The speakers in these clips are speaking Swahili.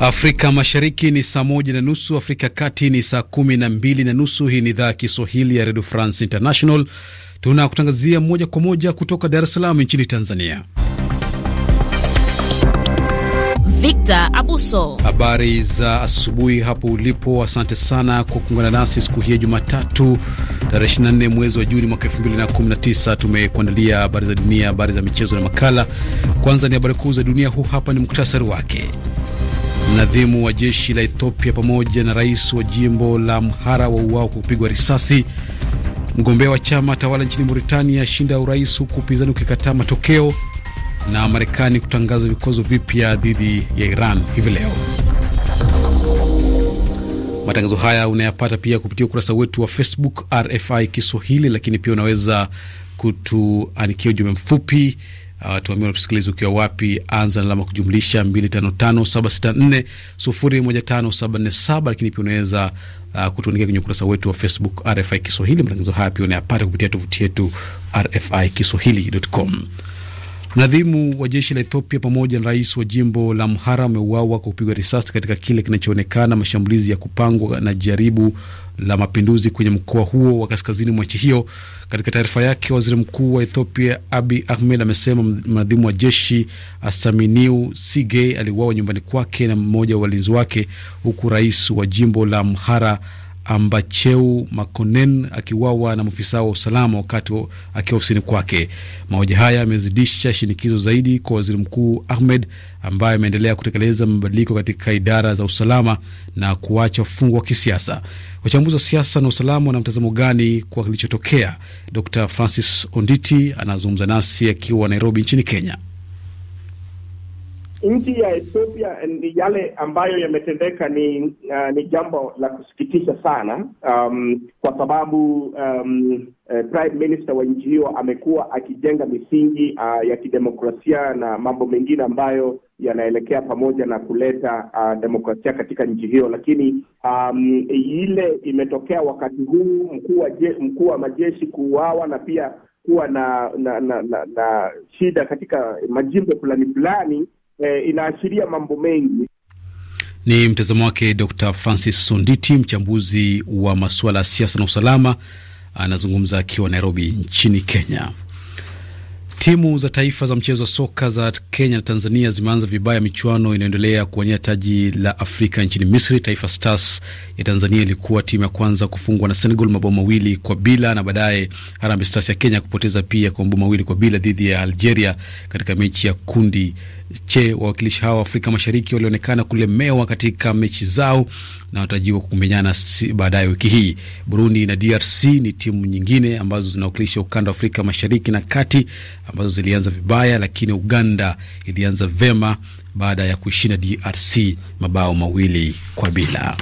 Afrika Mashariki ni saa moja na nusu, Afrika ya Kati ni saa kumi na mbili na nusu. Hii ni idhaa ya Kiswahili ya Redio France International, tunakutangazia moja kwa moja kutoka Dar es Salaam nchini Tanzania. Victor Abuso, habari za asubuhi hapo ulipo. Asante sana kwa kuungana nasi siku hii ya Jumatatu tarehe 24 mwezi wa Juni mwaka 2019. Tumekuandalia habari za dunia, habari za michezo na makala. Kwanza ni habari kuu za dunia, huu hapa ni muktasari wake. Mnadhimu wa jeshi la Ethiopia pamoja na rais wa jimbo la mhara wauawa kwa kupigwa risasi. Mgombea wa chama tawala nchini Mauritania ashinda urais huku upinzani ukikataa matokeo, na Marekani kutangaza vikwazo vipya dhidi ya Iran hivi leo. Matangazo haya unayapata pia kupitia ukurasa wetu wa Facebook RFI Kiswahili, lakini pia unaweza kutuandikia ujumbe mfupi Uh, ah, wanatusikiliza ukiwa wapi, anza na alama kujumlisha 255764015747 lakini pia unaweza uh, kutuandikia kwenye ukurasa wetu wa Facebook RFI Kiswahili. Matangazo haya pia unayapata kupitia tovuti yetu RFI Kiswahili.com. Mnadhimu wa jeshi la Ethiopia pamoja na rais wa jimbo la mhara wameuawa kwa kupigwa risasi katika kile kinachoonekana mashambulizi ya kupangwa na jaribu la mapinduzi kwenye mkoa huo wa kaskazini mwa nchi hiyo. Katika taarifa yake, waziri mkuu wa Ethiopia Abi Ahmed amesema mnadhimu wa jeshi Asaminiu sigey aliuawa nyumbani kwake na mmoja wa walinzi wake, huku rais wa jimbo la mhara Ambacheu Makonen akiuawa na maafisa wa usalama wakati akiwa ofisini kwake. Mauaji haya yamezidisha shinikizo zaidi kwa waziri mkuu Ahmed ambaye ameendelea kutekeleza mabadiliko katika idara za usalama na kuacha ufungwa wa kisiasa. Wachambuzi wa siasa na usalama wana mtazamo gani kwa kilichotokea? Dr Francis Onditi anazungumza nasi akiwa Nairobi nchini Kenya nchi ya Ethiopia yale ambayo yametendeka ni uh, ni jambo la kusikitisha sana, um, kwa sababu um, eh, prime minister wa nchi hiyo amekuwa akijenga misingi uh, ya kidemokrasia na mambo mengine ambayo yanaelekea pamoja na kuleta uh, demokrasia katika nchi hiyo, lakini um, ile imetokea wakati huu mkuu wa mkuu wa majeshi kuuawa na pia kuwa na na, na na na shida katika majimbo fulani fulani eh, inaashiria mambo mengi. Ni mtazamo wake Dr Francis Sonditi, mchambuzi wa masuala ya siasa na usalama, anazungumza akiwa Nairobi nchini Kenya. Timu za taifa za mchezo wa soka za Kenya na Tanzania zimeanza vibaya michuano inayoendelea kuwania taji la Afrika nchini Misri. Taifa Stars ya Tanzania ilikuwa timu ya kwanza kufungwa na Senegal mabao mawili kwa bila na baadaye Harambee Stars ya Kenya kupoteza pia kwa mabao mawili kwa bila dhidi ya Algeria katika mechi ya kundi che wawakilishi hao wa Afrika Mashariki walionekana kulemewa katika mechi zao na watarajiwa kumenyana si baadaye wiki hii. Burundi na DRC ni timu nyingine ambazo zinawakilisha ukanda wa Afrika Mashariki na kati ambazo zilianza vibaya, lakini Uganda ilianza vema baada ya kuishinda DRC mabao mawili kwa bila.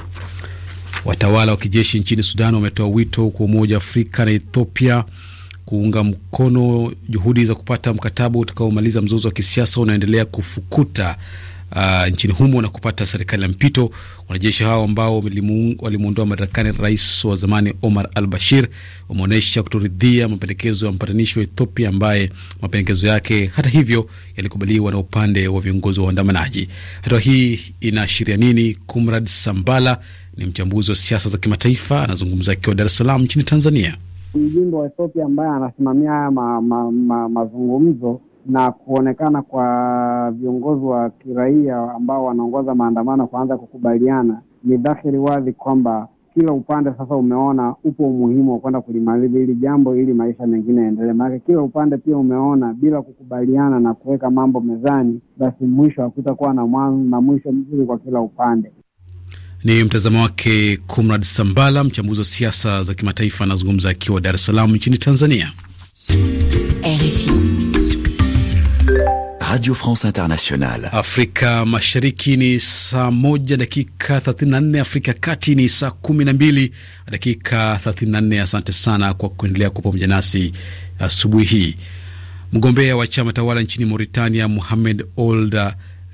Watawala wa kijeshi nchini Sudan wametoa wito kwa Umoja wa Afrika na Ethiopia kuunga mkono juhudi za kupata mkataba utakaomaliza mzozo wa kisiasa unaendelea kufukuta uh, nchini humo na kupata serikali ya mpito. Wanajeshi hao ambao walimwondoa madarakani rais wa zamani Omar al Bashir wameonyesha kutoridhia mapendekezo ya mpatanishi wa Ethiopia ambaye mapendekezo yake hata hivyo yalikubaliwa na upande wa viongozi wa waandamanaji. Hatua hii inaashiria nini? Kumrad Sambala ni mchambuzi wa siasa za kimataifa, anazungumza akiwa Dar es Salaam nchini Tanzania mjumbe wa Ethiopia ambaye anasimamia haya ma, ma, ma, mazungumzo na kuonekana kwa viongozi wa kiraia ambao wanaongoza maandamano kuanza kukubaliana, ni dhahiri wazi kwamba kila upande sasa umeona upo umuhimu wa kwenda kulimaliza hili jambo ili maisha mengine yaendelee. Maanake kila upande pia umeona bila kukubaliana na kuweka mambo mezani, basi mwisho hakutakuwa na mwanzo na mwisho mzuri kwa kila upande. Ni mtazamo wake Comrad Sambala, mchambuzi wa siasa za kimataifa, anazungumza akiwa Dar es Salaam nchini Tanzania. RFI Radio France Internationale. Afrika Mashariki ni saa moja dakika 34, Afrika Kati ni saa kumi na mbili dakika 34. Asante sana kwa kuendelea kuwa pamoja nasi asubuhi hii. Mgombea wa chama tawala nchini Mauritania Mohamed Ould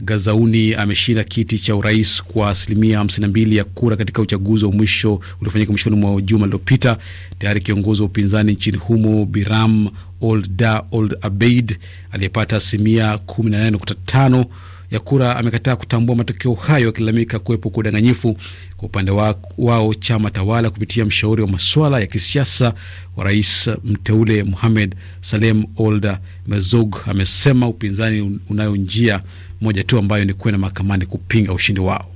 Gazauni ameshinda kiti cha urais kwa asilimia 52 ya kura katika uchaguzi wa mwisho uliofanyika mwishoni mwa juma lililopita. Tayari kiongozi wa upinzani nchini humo Biram Old Da Old Abeid aliyepata asilimia 18.5 ya kura amekataa kutambua matokeo hayo, akilalamika kuwepo kwa udanganyifu. Kwa upande wa, wao chama tawala kupitia mshauri wa masuala ya kisiasa wa rais mteule muhamed Salem Old mezug amesema upinzani unayo njia moja tu ambayo ni kwenda mahakamani kupinga ushindi wao.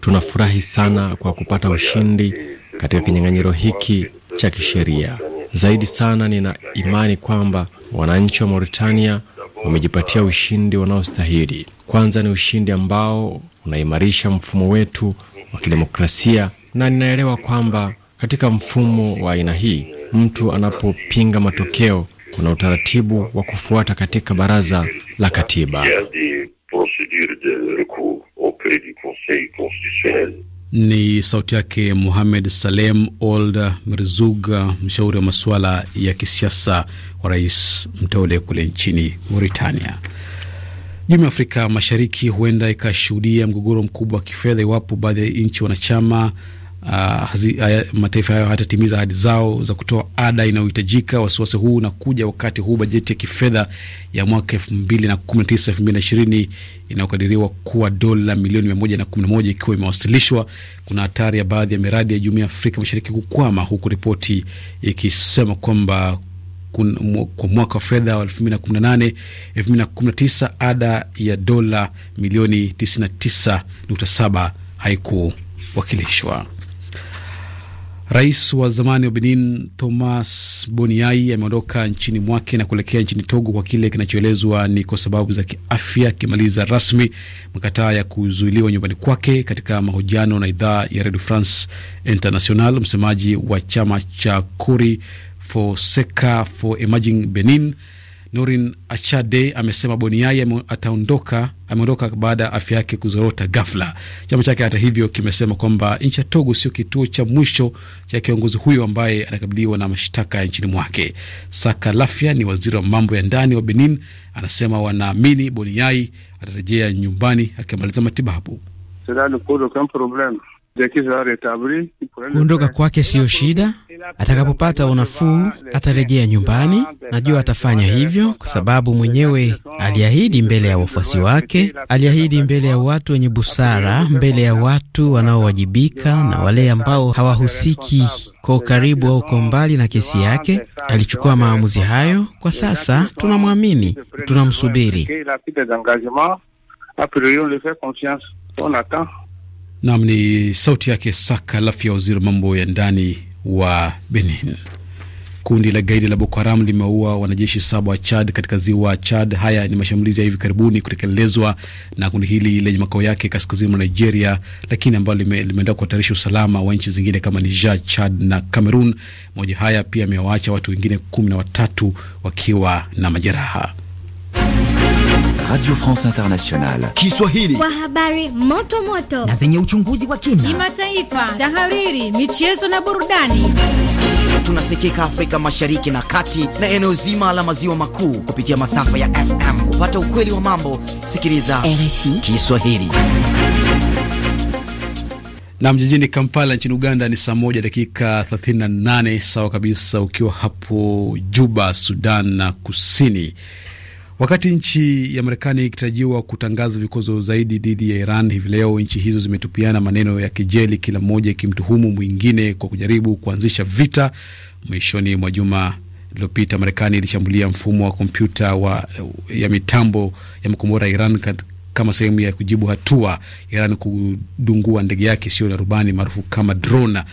Tunafurahi sana kwa kupata ushindi katika kinyang'anyiro hiki cha kisheria. Zaidi sana, nina imani kwamba wananchi wa Mauritania wamejipatia ushindi wanaostahili. Kwanza ni ushindi ambao unaimarisha mfumo wetu wa kidemokrasia, na ninaelewa kwamba katika mfumo wa aina hii mtu anapopinga matokeo kuna utaratibu wa kufuata katika baraza la katiba. Ni sauti yake muhamed Salem Old Mirzug, mshauri wa masuala ya kisiasa wa rais mteule kule nchini Mauritania. Jumuiya ya Afrika Mashariki huenda ikashuhudia mgogoro mkubwa wa kifedha iwapo baadhi ya nchi wanachama uh, mataifa hayo hatatimiza ahadi zao za kutoa ada inayohitajika. Wasiwasi huu unakuja wakati huu bajeti ya kifedha ya mwaka elfu mbili na kumi na tisa elfu mbili na ishirini inayokadiriwa kuwa dola milioni mia moja na kumi na moja ikiwa imewasilishwa. Kuna hatari ya baadhi ya miradi ya jumuiya ya Afrika Mashariki kukwama, huku ripoti ikisema kwamba kwa mwaka wa fedha wa 2018 2019 ada ya dola milioni 99.7 haikuwakilishwa. Rais wa zamani wa Benin Thomas Boniai ameondoka nchini mwake na kuelekea nchini Togo kwa kile kinachoelezwa ni kwa sababu za kiafya, akimaliza rasmi makataa ya kuzuiliwa nyumbani kwake. Katika mahojiano na idhaa ya Radio France International, msemaji wa chama cha Kuri for Seka for Emerging Benin Norin Achade amesema Boniai ataondoka ameondoka baada ya afya yake kuzorota ghafla. Chama chake hata hivyo kimesema kwamba nchi ya Togo sio kituo cha mwisho cha kiongozi huyo ambaye anakabiliwa na mashtaka nchini mwake. Saka Lafia ni waziri wa mambo ya ndani wa Benin, anasema wanaamini Boniai atarejea nyumbani akimaliza matibabu. Kuondoka kwake siyo shida. Atakapopata unafuu atarejea nyumbani. Najua atafanya hivyo kwa sababu mwenyewe aliahidi mbele ya wafuasi wake, aliahidi mbele ya watu wenye busara, mbele ya watu wanaowajibika na wale ambao hawahusiki kwa ukaribu au kwa mbali na kesi yake. Alichukua maamuzi hayo. Kwa sasa tunamwamini, tunamsubiri. Nam ni sauti yake Saka Lafi ya waziri wa mambo ya ndani wa Benin. Kundi la gaidi la Boko Haram limeua wanajeshi saba wa Chad katika ziwa Chad. Haya ni mashambulizi ya hivi karibuni kutekelezwa na kundi hili lenye makao yake kaskazini mwa Nigeria, lakini ambalo limeenda kuhatarisha usalama wa nchi zingine kama Niger, Chad na Cameroon. moja haya pia amewaacha watu wengine kumi na watatu wakiwa na majeraha. Radio France Internationale. Kiswahili. Kwa habari moto moto na zenye uchunguzi wa kina, kimataifa, tahariri, michezo na burudani. Tunasikika Afrika Mashariki na Kati na eneo zima la maziwa makuu kupitia masafa ya FM. Kupata ukweli wa mambo, sikiliza RFI Kiswahili. Na mjijini Kampala nchini Uganda ni saa moja dakika 38 sawa kabisa ukiwa hapo Juba, Sudan na Kusini. Wakati nchi ya Marekani ikitarajiwa kutangaza vikwazo zaidi dhidi ya Iran hivi leo, nchi hizo zimetupiana maneno ya kejeli, kila mmoja ikimtuhumu mwingine kwa kujaribu kuanzisha vita. Mwishoni mwa juma iliyopita, Marekani ilishambulia mfumo wa kompyuta wa, ya mitambo ya makombora ya Iran kama sehemu ya kujibu hatua Iran kudungua ndege yake isiyo na rubani maarufu kama drona.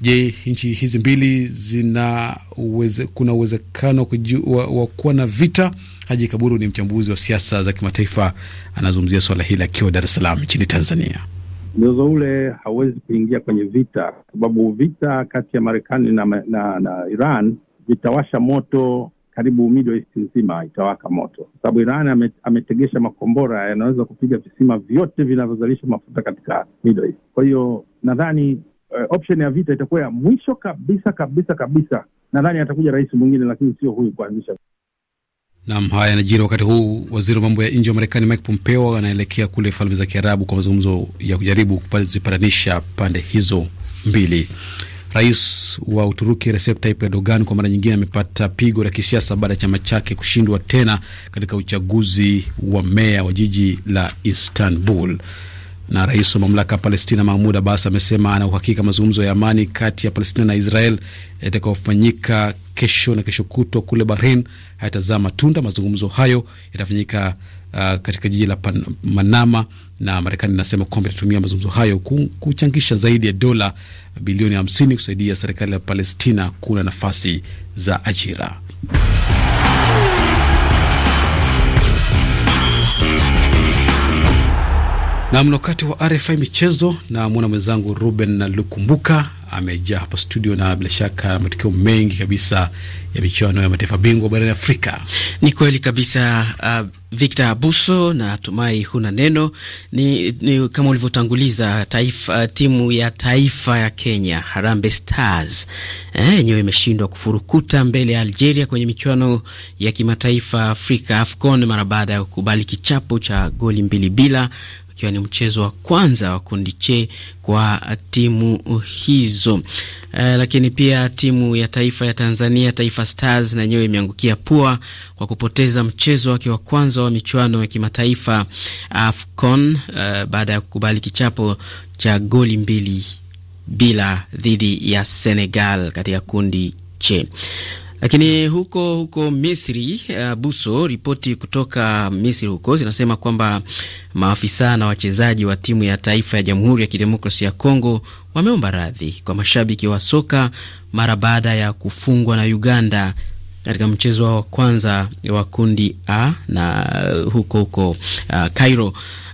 Je, nchi hizi mbili zina uweze, kuna uwezekano wa kuwa na vita? Haji Kaburu ni mchambuzi wa siasa za kimataifa, anazungumzia swala hili akiwa Dar es Salaam nchini Tanzania. Mzozo ule hauwezi kuingia kwenye vita, sababu vita kati ya Marekani na, na, na Iran vitawasha moto karibu Middle East nzima itawaka moto, kwa sababu Iran ametegesha makombora yanaweza kupiga visima vyote vinavyozalisha mafuta katika Middle East. Kwa hiyo nadhani uh, option ya vita itakuwa ya mwisho kabisa kabisa kabisa. Nadhani atakuja rais mwingine, lakini sio huyu kuanzisha Nam, haya yanajiri wakati huu waziri wa mambo ya nje wa Marekani Mike Pompeo anaelekea kule Falme za Kiarabu kwa mazungumzo ya kujaribu kuzipatanisha pande hizo mbili. Rais wa Uturuki Recep Tayyip Erdogan kwa mara nyingine amepata pigo la kisiasa baada ya chama chake kushindwa tena katika uchaguzi wa meya wa jiji la Istanbul. Na rais wa mamlaka ya Palestina Mahmud Abbas amesema ana uhakika mazungumzo ya amani kati ya Palestina na Israel yatakayofanyika kesho na kesho kutwa kule Bahrain hayatazaa matunda. Mazungumzo hayo yatafanyika uh, katika jiji la Manama na Marekani inasema kwamba itatumia mazungumzo hayo kuchangisha zaidi ya dola bilioni 50 kusaidia serikali ya Palestina kuna nafasi za ajira. Na wakati wa RFI michezo na mwana mwenzangu Ruben na Lukumbuka amejaa hapa studio na bila shaka matokeo mengi kabisa ya michuano ya mataifa bingwa barani Afrika. Ni kweli kabisa uh, Victor Abuso, na tumai huna neno. Ni, ni kama ulivyotanguliza taifa, uh, timu ya taifa ya Kenya Harambee Stars eh, yenyewe eh, imeshindwa kufurukuta mbele ya Algeria kwenye michuano ya kimataifa Afrika AFCON mara baada ya kukubali kichapo cha goli mbili bila ikiwa ni mchezo wa kwanza wa kundi che kwa timu hizo. Uh, lakini pia timu ya taifa ya Tanzania Taifa Stars na yenyewe imeangukia pua kwa kupoteza mchezo wake wa kwanza wa michuano ya kimataifa AFCON uh, baada ya kukubali kichapo cha goli mbili bila dhidi ya Senegal katika kundi che. Lakini huko huko Misri, uh, Buso, ripoti kutoka Misri huko zinasema kwamba maafisa na wachezaji wa timu ya taifa ya Jamhuri ya Kidemokrasia ya Kongo wameomba radhi kwa mashabiki wa soka mara baada ya kufungwa na Uganda katika mchezo wa kwanza wa kundi A na uh, huko huko uh, Cairo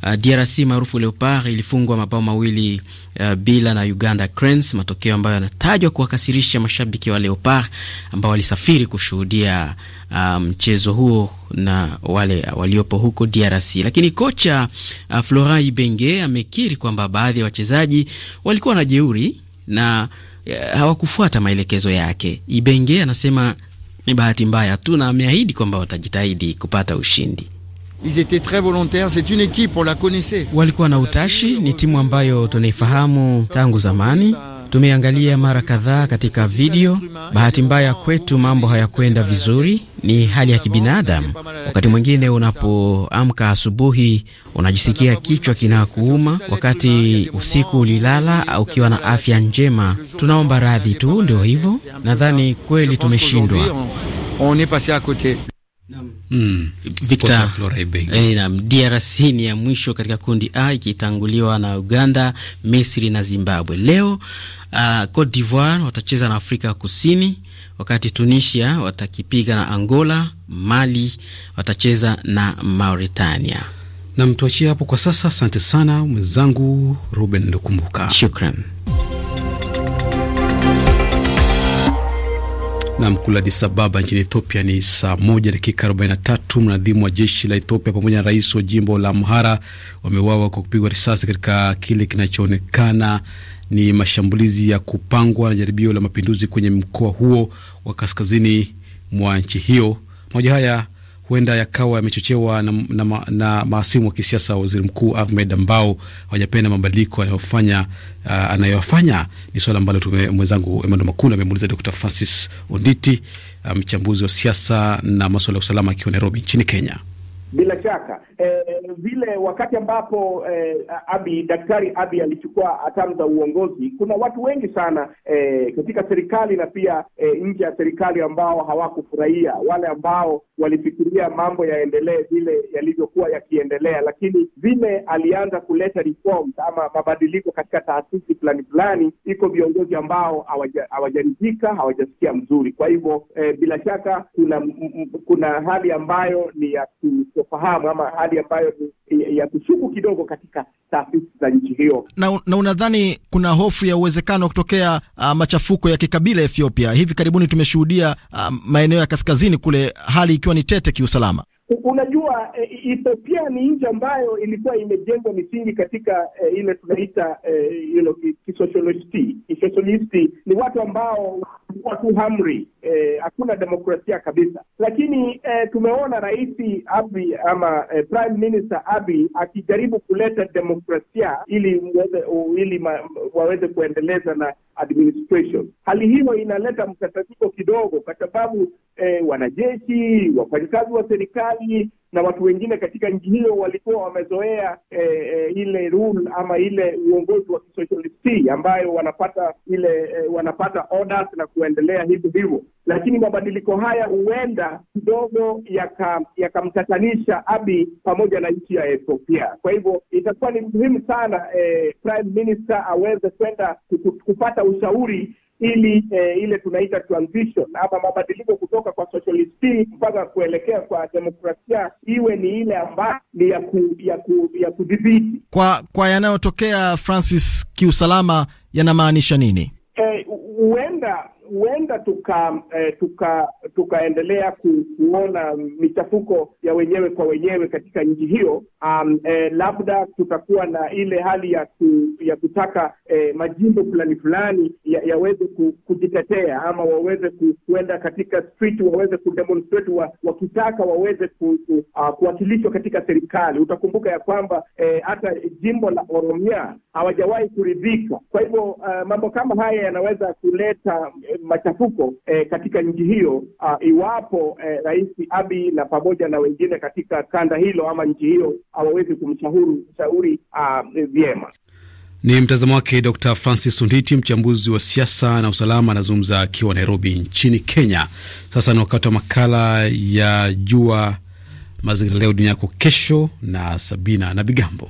uh, DRC maarufu Leopard ilifungwa mabao mawili uh, bila na Uganda Cranes, matokeo ambayo yanatajwa kuwakasirisha mashabiki wa Leopard ambao walisafiri kushuhudia uh, mchezo huo na wale uh, waliopo huko DRC. Lakini kocha uh, Florent Ibenge amekiri kwamba baadhi ya wachezaji walikuwa na jeuri na uh, hawakufuata maelekezo yake. Ibenge anasema ni bahati mbaya tu, na ameahidi kwamba watajitahidi kupata ushindi. Ils étaient très volontaires, c'est une équipe, on la connaissait. Walikuwa na utashi, ni timu ambayo tunaifahamu tangu zamani. Tumeangalia mara kadhaa katika video. Bahati mbaya kwetu mambo hayakwenda vizuri, ni hali ya kibinadamu. Wakati mwingine unapoamka asubuhi unajisikia kichwa kinakuuma, wakati usiku ulilala ukiwa na afya njema. Tunaomba radhi tu, ndio hivyo. Nadhani kweli tumeshindwa. Mm. Eh, DRC ni ya mwisho katika kundi A ikitanguliwa na Uganda, Misri na Zimbabwe. Leo uh, Cote d'Ivoire watacheza na Afrika Kusini, wakati Tunisia watakipiga na Angola, Mali watacheza na Mauritania. Nam, tuachie hapo kwa sasa. Asante sana mwenzangu Ruben Ndokumbuka, shukran. na mkula Addis Ababa nchini Ethiopia ni saa moja dakika 43. Mnadhimu wa jeshi la Ethiopia pamoja na rais wa jimbo la Amhara wameuawa kwa kupigwa risasi katika kile kinachoonekana ni mashambulizi ya kupangwa na jaribio la mapinduzi kwenye mkoa huo wa kaskazini mwa nchi hiyo. Moja haya huenda yakawa yamechochewa na, na, na, maasimu wa kisiasa wa waziri mkuu Ahmed ambao hawajapenda mabadiliko anayofanya uh, Ni swala ambalo mwenzangu Emmanuel Makundu amemuuliza Dr Francis Onditi, mchambuzi um, wa siasa na maswala ya usalama akiwa Nairobi nchini Kenya. Bila shaka eh, vile wakati ambapo eh, Abi Daktari Abi alichukua hatamu za uongozi, kuna watu wengi sana eh, katika serikali na pia eh, nje ya serikali ambao hawakufurahia, wale ambao walifikiria mambo yaendelee vile yalivyokuwa yakiendelea, lakini vile alianza kuleta reforms ama mabadiliko katika taasisi fulani fulani, iko viongozi ambao hawajaridhika, hawajasikia mzuri. Kwa hivyo eh, bila shaka kuna m, m, kuna hali ambayo ni ya sintofahamu ama hali ambayo ni ya kushuku kidogo katika taasisi za nchi hiyo. Na, na unadhani kuna hofu ya uwezekano wa kutokea uh, machafuko ya kikabila Ethiopia? Hivi karibuni tumeshuhudia uh, maeneo ya kaskazini kule, hali ikiwa ni tete kiusalama. Unajua e, Ethiopia ni nchi ambayo ilikuwa imejengwa misingi katika eh, ile tunaita e, you know, kisosialisti. Kisosialisti ni watu ambao watu hamri, e, hakuna demokrasia kabisa, lakini eh, tumeona rais Abi ama eh, prime minister Abi akijaribu kuleta demokrasia ili, mweze, ili ma, waweze kuendeleza na administration. Hali hiyo inaleta mkatatiko kidogo, kwa sababu eh, wanajeshi, wafanyakazi wa serikali na watu wengine katika nchi hiyo walikuwa wamezoea eh, eh, ile rule ama ile uongozi wa kisosialisti ambayo wanapata ile eh, wanapata orders na kuendelea hivyo hivyo lakini mabadiliko haya huenda kidogo yakamtatanisha yaka Abi pamoja na nchi ya Ethiopia. Kwa hivyo itakuwa ni muhimu sana eh, prime minister aweze kwenda kupata ushauri ili eh, ile tunaita transition ama mabadiliko kutoka kwa socialism mpaka kuelekea kwa demokrasia iwe ni ile ambayo ni ya ku, ya ku, ya kudhibiti. Kwa kwa yanayotokea Francis, kiusalama yanamaanisha nini? Eh, huenda eh, huenda tuka, eh, tuka tukaendelea ku, kuona michafuko ya wenyewe kwa wenyewe katika nchi hiyo. Um, eh, labda tutakuwa na ile hali ya ku, ya kutaka eh, majimbo fulani fulani yaweze ya ku, kujitetea ama waweze kuenda katika street waweze kudemonstrate wa, wakitaka waweze ku, uh, kuwakilishwa katika serikali. Utakumbuka ya kwamba eh, hata eh, jimbo la Oromia hawajawahi kuridhika. Kwa hivyo uh, mambo kama haya yanaweza kuleta eh, machafuko eh, katika nchi hiyo uh, iwapo eh, Rais abi na pamoja na wengine katika kanda hilo ama nchi hiyo hawawezi kumshauri uh, vyema. Ni mtazamo wake Dr Francis Sunditi, mchambuzi wa siasa na usalama, anazungumza akiwa Nairobi nchini Kenya. Sasa ni wakati wa makala ya Jua Mazingira Leo Dunia Yako Kesho na Sabina na Bigambo.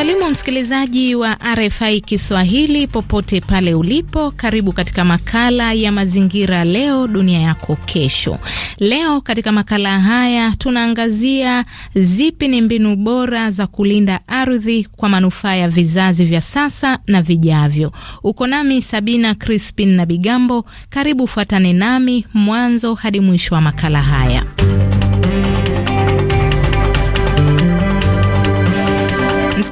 salimu msikilizaji wa RFI Kiswahili popote pale ulipo, karibu katika makala ya mazingira leo dunia yako kesho. Leo katika makala haya tunaangazia zipi ni mbinu bora za kulinda ardhi kwa manufaa ya vizazi vya sasa na vijavyo. Uko nami Sabina Crispin na Bigambo, karibu fuatane nami mwanzo hadi mwisho wa makala haya.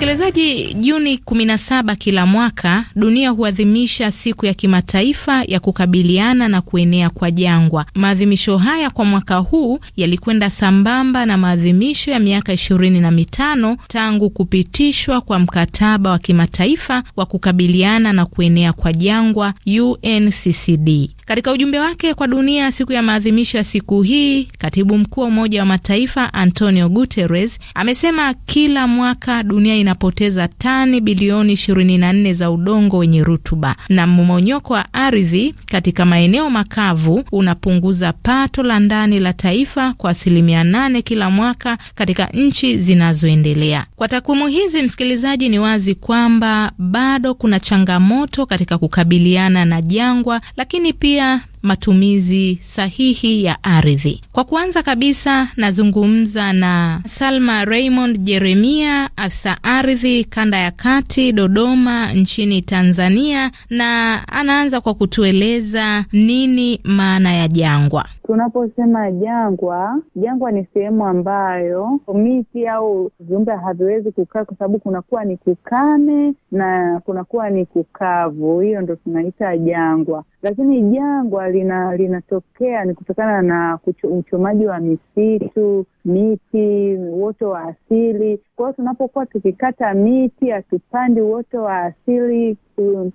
Msikilizaji, Juni 17 kila mwaka dunia huadhimisha siku ya kimataifa ya kukabiliana na kuenea kwa jangwa. Maadhimisho haya kwa mwaka huu yalikwenda sambamba na maadhimisho ya miaka ishirini na mitano tangu kupitishwa kwa mkataba wa kimataifa wa kukabiliana na kuenea kwa jangwa UNCCD. Katika ujumbe wake kwa dunia siku ya maadhimisho ya siku hii, katibu mkuu wa Umoja wa Mataifa Antonio Guterres amesema kila mwaka dunia inapoteza tani bilioni 24 za udongo wenye rutuba, na mmomonyoko wa ardhi katika maeneo makavu unapunguza pato la ndani la taifa kwa asilimia 8 kila mwaka katika nchi zinazoendelea. Kwa takwimu hizi, msikilizaji, ni wazi kwamba bado kuna changamoto katika kukabiliana na jangwa, lakini pia kuzingatia matumizi sahihi ya ardhi. Kwa kuanza kabisa, nazungumza na Salma Raymond Jeremia, afisa ardhi kanda ya kati, Dodoma nchini Tanzania, na anaanza kwa kutueleza nini maana ya jangwa tunaposema jangwa, jangwa ni sehemu ambayo miti au viumbe haviwezi kukaa, kwa sababu kunakuwa ni kukame na kunakuwa ni kukavu. Hiyo ndo tunaita jangwa, lakini jangwa lina linatokea ni kutokana na uchomaji wa misitu miti, uoto wa asili. Kwa hiyo tunapokuwa tukikata miti, hatupandi uoto wa asili,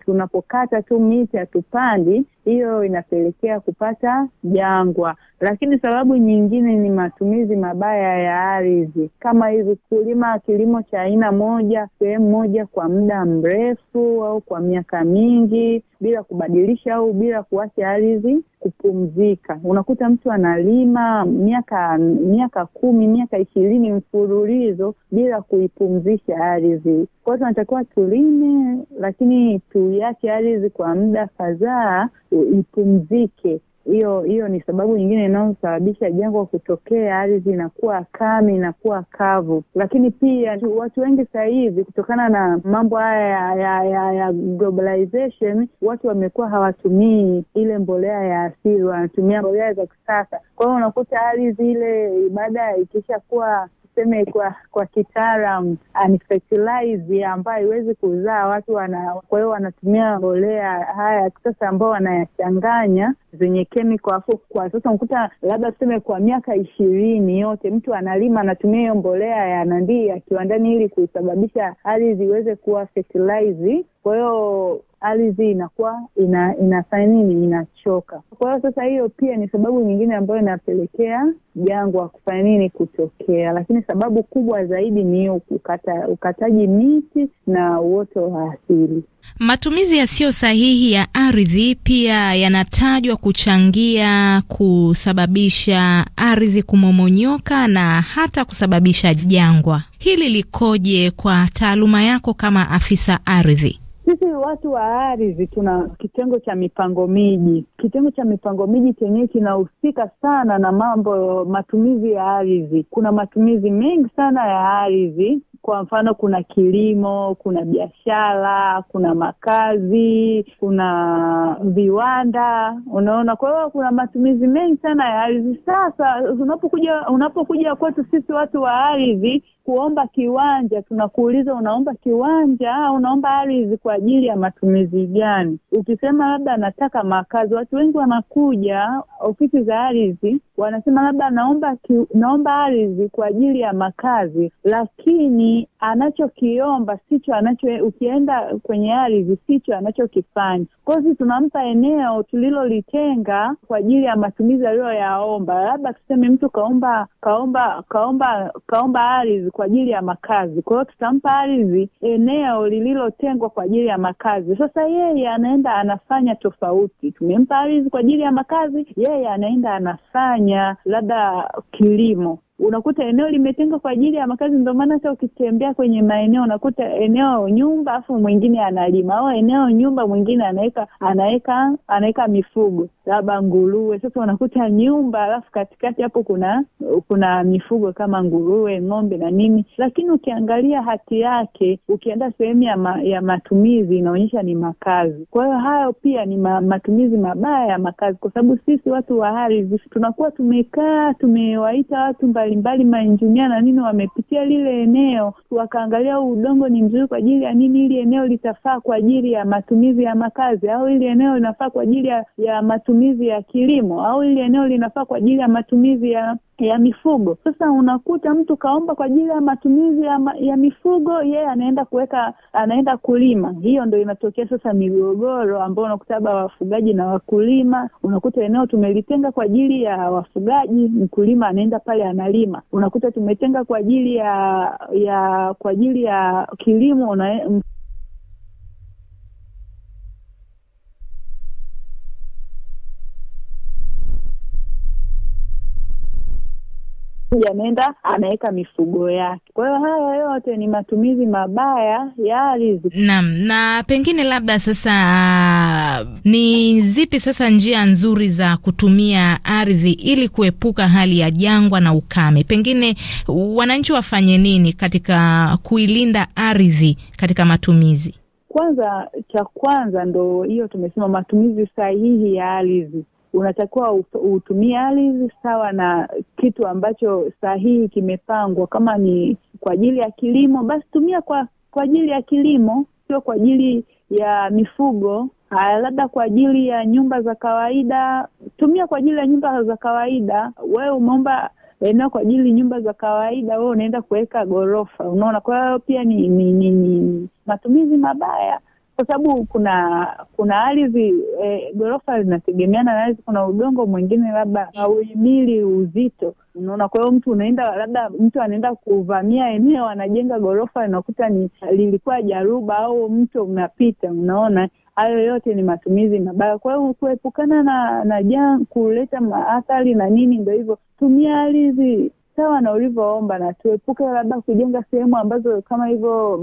tunapokata tu miti hatupandi, hiyo inapelekea kupata jangwa. Lakini sababu nyingine ni matumizi mabaya ya ardhi, kama hivi kulima kilimo cha aina moja sehemu moja kwa muda mrefu au kwa miaka mingi bila kubadilisha au bila kuacha ardhi kupumzika. Unakuta mtu analima miaka miaka kumi miaka ishirini mfululizo bila kuipumzisha ardhi. Kwa hiyo tunatakiwa tulime, lakini tuiache ardhi kwa muda kadhaa ipumzike, hiyo hiyo ni sababu nyingine inayosababisha jangwa kutokea, ardhi inakuwa kami inakuwa kavu. Lakini pia watu wengi sasa hivi kutokana na mambo haya ya, ya, ya, ya globalization, watu wamekuwa hawatumii ile mbolea ya asili, wanatumia mbolea za kisasa. Kwa hiyo unakuta ardhi ile baada ikisha kuwa tuseme kwa kwa kitaalam ni fertilizer ambayo haiwezi kuzaa watu wana, kwa hiyo wanatumia mbolea haya ya kisasa ambao wanayachanganya zenye kemiko, afu kwa sasa unakuta labda tuseme kwa miaka ishirini yote mtu analima anatumia hiyo mbolea ya nandii ya kiwandani ili kusababisha ardhi iweze kuwa fertilizer kwa hiyo ardhi inakuwa ina inafanya nini, inachoka. Kwa hiyo sasa, hiyo pia ni sababu nyingine ambayo inapelekea jangwa kufanya nini, kutokea. Lakini sababu kubwa zaidi ni ukata, ukataji miti na uoto wa asili. Matumizi yasiyo sahihi ya ardhi pia yanatajwa kuchangia kusababisha ardhi kumomonyoka na hata kusababisha jangwa. Hili likoje kwa taaluma yako kama afisa ardhi? Sisi watu wa ardhi tuna kitengo cha mipango miji. Kitengo cha mipango miji chenyewe kinahusika sana na mambo matumizi ya ardhi. Kuna matumizi mengi sana ya ardhi kwa mfano, kuna kilimo, kuna biashara, kuna makazi, kuna viwanda, unaona. Kwa hiyo kuna matumizi mengi sana ya ardhi. Sasa unapokuja unapokuja kwetu sisi watu wa ardhi kuomba kiwanja, tunakuuliza unaomba kiwanja au unaomba ardhi kwa ajili ya matumizi gani? Ukisema labda anataka makazi, watu wengi wanakuja ofisi za ardhi wanasema labda naomba ki, naomba ardhi kwa ajili ya makazi, lakini anachokiomba sicho anacho, ukienda kwenye ardhi sicho anachokifanya. kwao hiyo sisi tunampa eneo tulilolitenga kwa ajili ya matumizi aliyoyaomba. Labda tuseme mtu kaomba kaomba kaomba kaomba ardhi kwa ajili ya makazi, kwa hiyo tutampa ardhi eneo lililotengwa kwa ajili ya makazi. Sasa yeye anaenda anafanya tofauti, tumempa ardhi kwa ajili ya makazi, yeye anaenda anafanya labda kilimo unakuta eneo limetengwa kwa ajili ya makazi. Ndio maana hata ukitembea kwenye maeneo unakuta eneo nyumba, afu mwingine analima, au eneo nyumba, mwingine anaweka anaweka anaweka mifugo labda nguruwe. Sasa unakuta nyumba, alafu katikati hapo kuna kuna mifugo kama nguruwe, ng'ombe na nini, lakini ukiangalia hati yake, ukienda sehemu ya, ma, ya matumizi inaonyesha ni makazi. Kwa hiyo hayo pia ni ma, matumizi mabaya ya makazi, kwa sababu sisi watu wa ardhi tunakuwa tumekaa tumewaita watu mbali mbalimbali, mainjinia na nini, wamepitia lile eneo wakaangalia huu udongo ni mzuri kwa ajili ya nini, ili eneo litafaa kwa ajili ya matumizi ya makazi, au ili eneo linafaa kwa ajili ya, ya matumizi ya kilimo, au ili eneo linafaa kwa ajili ya matumizi ya ya mifugo. Sasa unakuta mtu kaomba kwa ajili ya matumizi ya, ma, ya mifugo, yeye yeah, anaenda kuweka anaenda kulima. Hiyo ndo inatokea sasa migogoro ambayo unakuta labda wafugaji na wakulima. Unakuta eneo tumelitenga kwa ajili ya wafugaji, mkulima anaenda pale analima. Unakuta tumetenga kwa ajili ya ya kwa ajili ya kilimo una, anakuja anaenda anaweka mifugo yake. Kwa hiyo haya yote ni matumizi mabaya ya ardhi. Naam, na pengine labda sasa, uh, ni zipi sasa njia nzuri za kutumia ardhi ili kuepuka hali ya jangwa na ukame? Pengine wananchi wafanye nini katika kuilinda ardhi katika matumizi? Kwanza, cha kwanza ndo hiyo tumesema, matumizi sahihi ya ardhi unatakiwa utumie ardhi sawa na kitu ambacho sahihi kimepangwa. Kama ni kwa ajili ya kilimo, basi tumia kwa kwa ajili ya kilimo, sio kwa ajili ya mifugo. Haya, labda kwa ajili ya nyumba za kawaida, tumia kwa ajili ya nyumba za kawaida. Wewe umeomba eneo kwa ajili nyumba za kawaida, wewe unaenda kuweka ghorofa, unaona. Kwa hiyo pia ni, ni, ni, ni matumizi mabaya kwa sababu kuna kuna ardhi e, ghorofa linategemeana na ardhi. Kuna udongo mwingine labda hauhimili uzito, unaona. Kwa hiyo mtu unaenda labda, mtu anaenda kuvamia eneo, anajenga ghorofa, inakuta ni lilikuwa jaruba au mto unapita, unaona. Hayo yote ni matumizi mabaya. Kwa hiyo kuepukana na na janga kuleta maathari na nini, ndo hivyo, tumia ardhi sawa na ulivyoomba, na tuepuke labda kujenga sehemu ambazo kama hivyo,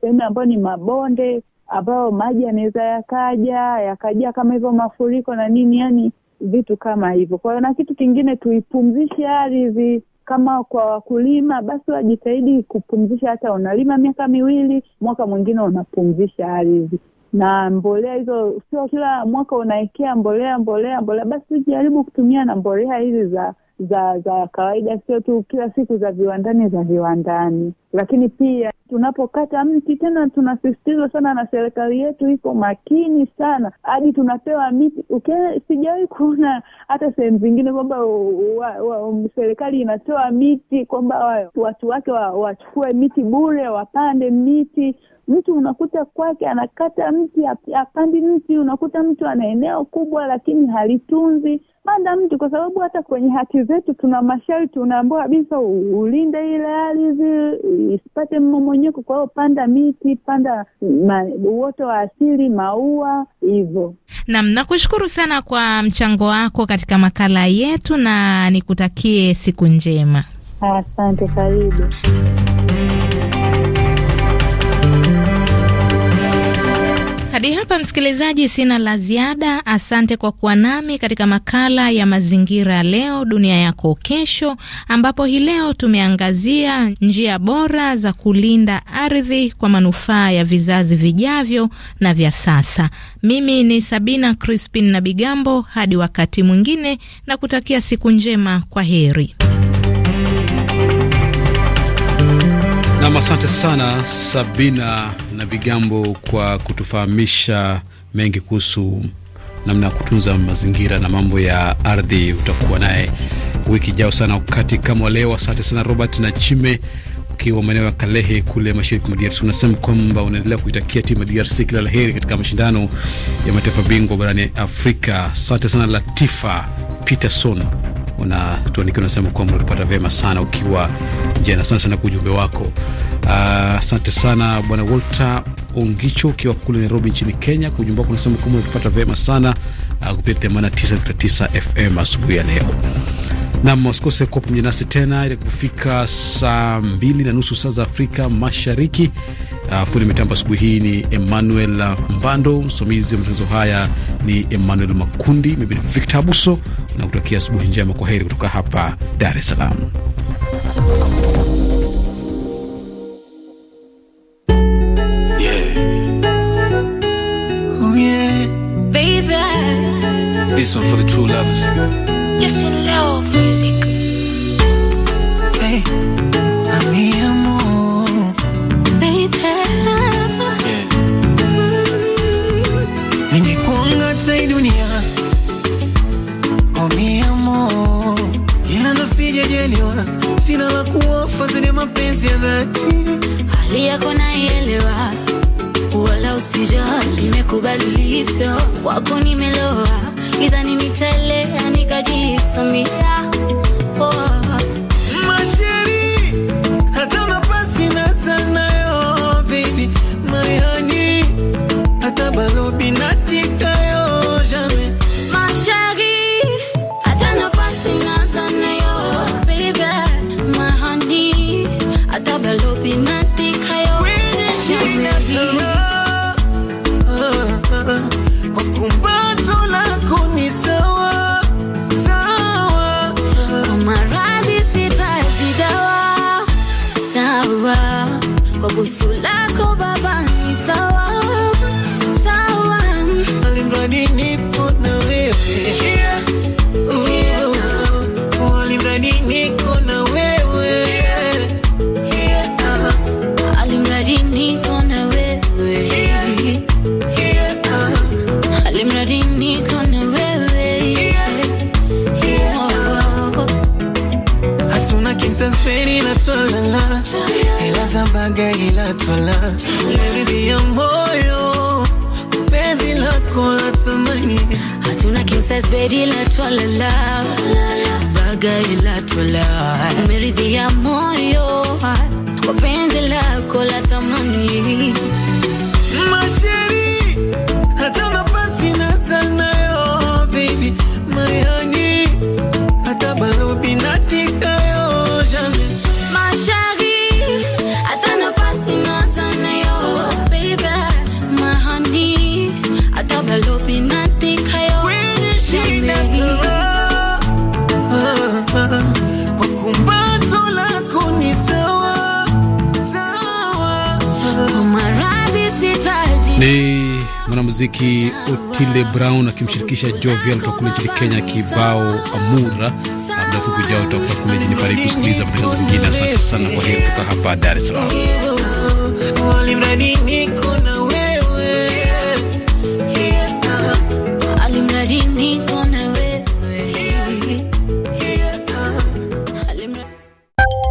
sehemu ambayo ni mabonde ambayo maji yanaweza yakaja yakaja kama hivyo mafuriko na nini yani vitu kama hivyo kwa hiyo na kitu kingine tuipumzishe ardhi kama kwa wakulima basi wajitahidi kupumzisha hata unalima miaka miwili mwaka mwingine unapumzisha ardhi na mbolea hizo sio kila mwaka unaekea mbolea mbolea mbolea basi jaribu kutumia na mbolea hizi za za za kawaida, sio tu kila siku za viwandani za viwandani. Lakini pia tunapokata mti tena, tunasisitizwa sana na serikali yetu iko makini sana, hadi tunapewa miti sijawai sijawahi kuona hata sehemu zingine kwamba serikali inatoa miti kwamba watu wake wachukue wa miti bure, wapande miti mtu unakuta kwake anakata mti apandi mti, unakuta mtu ana eneo kubwa lakini halitunzi, panda mtu kwa sababu hata kwenye hati zetu tuna masharti, unaambiwa kabisa ulinde ile ardhi isipate mmomonyoko. Kwa hiyo panda miti, panda uoto wa asili, maua, hivyo. Nam, nakushukuru sana kwa mchango wako katika makala yetu, na nikutakie siku njema. Asante, karibu. Hadi hapa msikilizaji, sina la ziada. Asante kwa kuwa nami katika makala ya mazingira leo dunia yako kesho, ambapo hii leo tumeangazia njia bora za kulinda ardhi kwa manufaa ya vizazi vijavyo na vya sasa. Mimi ni Sabina Crispin na Bigambo, hadi wakati mwingine, na kutakia siku njema. Kwa heri. Nam, asante sana Sabina na Vigambo kwa kutufahamisha mengi kuhusu namna ya kutunza mazingira na mambo ya ardhi. Utakuwa naye wiki jao sana wakati kama leo. Asante sana Robert na Chime ukiwa maeneo ya Kalehe kule mashariki mwa DRC. Unasema kwamba unaendelea kuitakia timu ya DRC kila la heri katika mashindano ya mataifa bingwa barani Afrika. Asante sana Latifa Peterson unatuandikia unasema kwamba unatupata vyema sana ukiwa jana. Asante sana kwa ujumbe wako. Ah, asante uh, sana bwana Walter Ongicho ukiwa kule Nairobi nchini Kenya, kwa ujumbe wako unasema kwamba unatupata vyema sana uh, kupitia 89.9 FM asubuhi ya leo. Nam, wasikose kuwa pamoja nasi tena ili kufika saa mbili na nusu saa za Afrika Mashariki. Uh, fundi mitambo asubuhi hii ni Emmanuel Mbando, msimamizi wa matangazo haya ni Emmanuel Makundi, mimi ni Victor Abuso na kutakia asubuhi njema. Kwa heri kutoka hapa Dar es Salaam. yeah. Oh, yeah. bedi la twalala, bagai la twalala, meridhi moyo mwanamuziki Otile Brown akimshirikisha Jovial kutoka kule nchini Kenya, kibao Amura. Muda mfupi ujao utakuwa kule jini Paris kusikiliza matangazo mengine. Asante sana, kwa heri kutoka hapa Dar es Salaam.